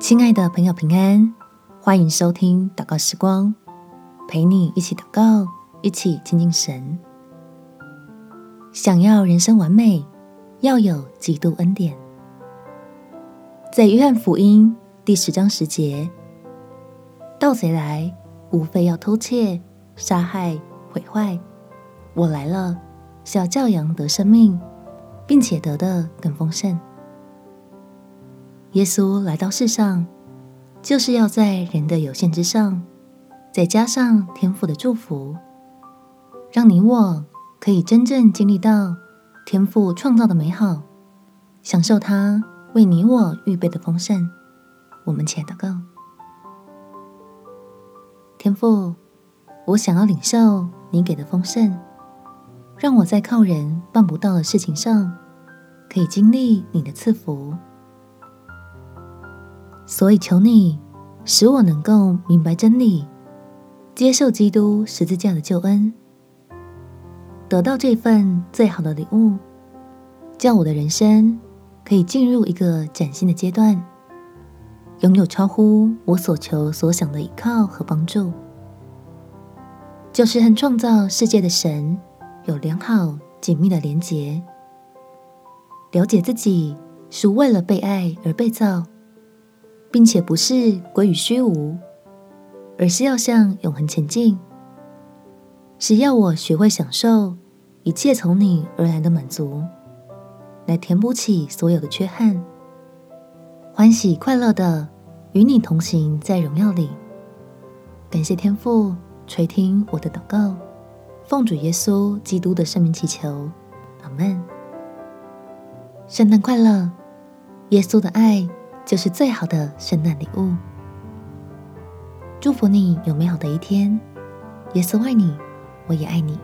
親愛的朋友，平安！歡迎收聽禱告時光，陪你一起禱告，一起親近神。想要人生完美，要有基督恩典。在約翰福音第十章十節，盜賊來，無非要偷竊、殺害、毀壞。我來了，是要叫羊得生命，並且得的更豐盛。耶穌來到世上，就是要在人的有限之上，再加上天父的祝福，讓你我可以真正經歷到天父創造的美好，享受他為你我預備的豐盛。我們且禱告：天父，我想要領受你給的豐盛，讓我在靠人辦不到的事情上，可以經歷你的賜福。所以，求你使我能夠明白真理，接受基督十字架的救恩，得到這份最好的禮物，叫我的人生可以進入一個嶄新的階段，擁有超乎我所求所想的依靠和幫助，就是和創造世界的神有良好緊密的連結，了解自己是為了被愛而被造。並且不是歸於虛無，而是要向永恆前進。是要我學會享受一切從你而來的滿足，來填補起所有的缺憾，歡喜快樂的與你同行在榮耀裡。感謝天父垂聽我的禱告，奉主耶穌基督的聖名祈求，阿門。聖誕快樂，耶穌的愛就是最好的聖誕禮物。祝福你有美好的一天。耶穌愛你，我也愛你。